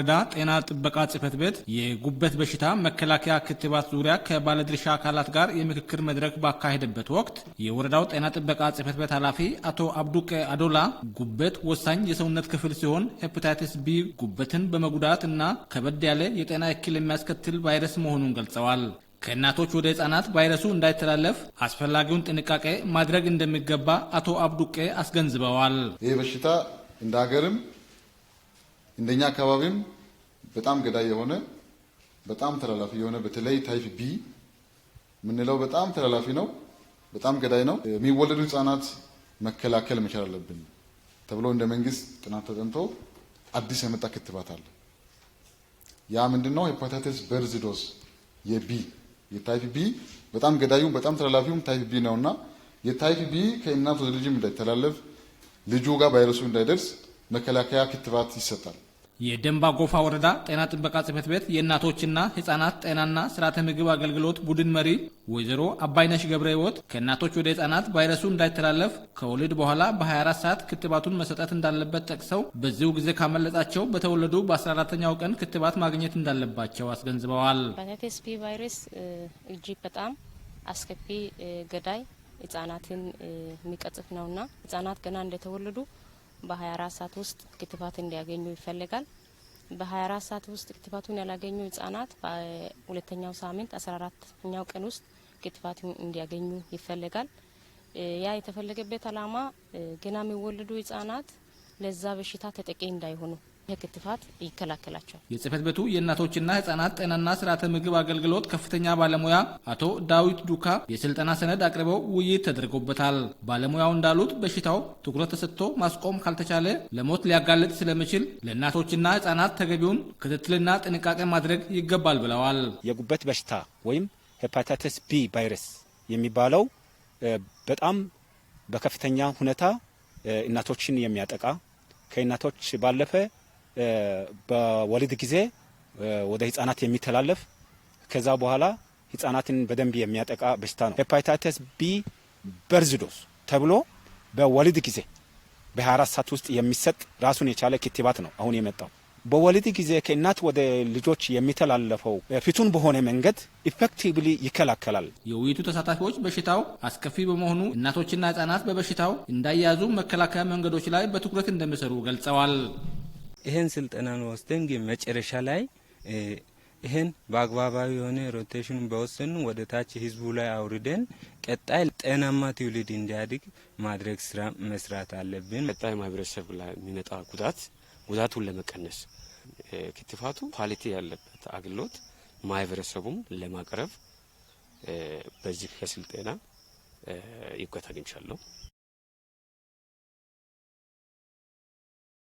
ወረዳ ጤና ጥበቃ ጽህፈት ቤት የጉበት በሽታ መከላከያ ክትባት ዙሪያ ከባለድርሻ አካላት ጋር የምክክር መድረክ ባካሄደበት ወቅት የወረዳው ጤና ጥበቃ ጽህፈት ቤት ኃላፊ አቶ አብዱቄ አዶላ ጉበት ወሳኝ የሰውነት ክፍል ሲሆን ሄፓታይተስ ቢ ጉበትን በመጉዳት እና ከበድ ያለ የጤና እክል የሚያስከትል ቫይረስ መሆኑን ገልጸዋል። ከእናቶች ወደ ህጻናት ቫይረሱ እንዳይተላለፍ አስፈላጊውን ጥንቃቄ ማድረግ እንደሚገባ አቶ አብዱቄ አስገንዝበዋል። ይህ በሽታ እንደ ሀገርም እንደኛ አካባቢም በጣም ገዳይ የሆነ በጣም ተላላፊ የሆነ በተለይ ታይፕ ቢ የምንለው በጣም ተላላፊ ነው፣ በጣም ገዳይ ነው። የሚወለዱ ህጻናት መከላከል መቻል አለብን ተብሎ እንደ መንግስት ጥናት ተጠንቶ አዲስ የመጣ ክትባት አለ። ያ ምንድነው? ሄፓታይተስ በርዝ ዶስ የቢ የታይፕ ቢ በጣም ገዳዩም በጣም ተላላፊውም ታይፕ ቢ ነውና የታይፕ ቢ ከእናት ወደ ልጅም እንዳይተላለፍ ልጁ ጋር ቫይረሱ እንዳይደርስ መከላከያ ክትባት ይሰጣል። የደንባ ጎፋ ወረዳ ጤና ጥበቃ ጽህፈት ቤት የእናቶችና ህጻናት ጤናና ስርዓተ ምግብ አገልግሎት ቡድን መሪ ወይዘሮ አባይነሽ ገብረ ህይወት ከእናቶች ወደ ህጻናት ቫይረሱ እንዳይተላለፍ ከወሊድ በኋላ በ24 ሰዓት ክትባቱን መሰጠት እንዳለበት ጠቅሰው በዚሁ ጊዜ ካመለጣቸው በተወለዱ በ14ተኛው ቀን ክትባት ማግኘት እንዳለባቸው አስገንዝበዋል። ሄፓታይተስ ቢ ቫይረስ እጅግ በጣም አስከፊ ገዳይ ህጻናትን የሚቀጽፍ ነውና ህጻናት ገና እንደተወለዱ በ24 ሰዓት ውስጥ ክትባት እንዲያገኙ ይፈልጋል። በ24 ሰዓት ውስጥ ክትባቱን ያላገኙ ህጻናት በሁለተኛው ሳምንት 14ኛው ቀን ውስጥ ክትባቱን እንዲያገኙ ይፈልጋል። ያ የተፈለገበት አላማ ገና የሚወለዱ ህጻናት ለዛ በሽታ ተጠቂ እንዳይሆኑ ከትፋት ይከላከላቸዋል። የጽህፈት ቤቱ የእናቶችና ህጻናት ጤናና ስርዓተ ምግብ አገልግሎት ከፍተኛ ባለሙያ አቶ ዳዊት ዱካ የስልጠና ሰነድ አቅርበው ውይይት ተደርጎበታል። ባለሙያው እንዳሉት በሽታው ትኩረት ተሰጥቶ ማስቆም ካልተቻለ ለሞት ሊያጋልጥ ስለሚችል ለእናቶችና ህጻናት ተገቢውን ክትትልና ጥንቃቄ ማድረግ ይገባል ብለዋል። የጉበት በሽታ ወይም ሄፓታይተስ ቢ ቫይረስ የሚባለው በጣም በከፍተኛ ሁኔታ እናቶችን የሚያጠቃ ከእናቶች ባለፈ በወሊድ ጊዜ ወደ ህጻናት የሚተላለፍ ከዛ በኋላ ህጻናትን በደንብ የሚያጠቃ በሽታ ነው። ሄፓታይተስ ቢ በርዝዶስ ተብሎ በወሊድ ጊዜ በ24 ሰዓት ውስጥ የሚሰጥ ራሱን የቻለ ክትባት ነው። አሁን የመጣው በወሊድ ጊዜ ከእናት ወደ ልጆች የሚተላለፈው ፊቱን በሆነ መንገድ ኢፌክቲቭሊ ይከላከላል። የውይይቱ ተሳታፊዎች በሽታው አስከፊ በመሆኑ እናቶችና ህጻናት በበሽታው እንዳያዙ መከላከያ መንገዶች ላይ በትኩረት እንደሚሰሩ ገልጸዋል። ይህን ስልጠናን ወስደን ግን መጨረሻ ላይ ይህን በአግባባዊ የሆነ ሮቴሽን በወሰኑ ወደ ታች ህዝቡ ላይ አውርደን ቀጣይ ጤናማ ትውልድ እንዲያድግ ማድረግ ስራ መስራት አለብን። ቀጣይ ማህበረሰብ ላይ የሚመጣ ጉዳት ጉዳቱን ለመቀነስ ክትፋቱ ኳሊቲ ያለበት አገልግሎት ማህበረሰቡም ለማቅረብ በዚህ ከስልጠና ይውቀት አግኝቻለሁ።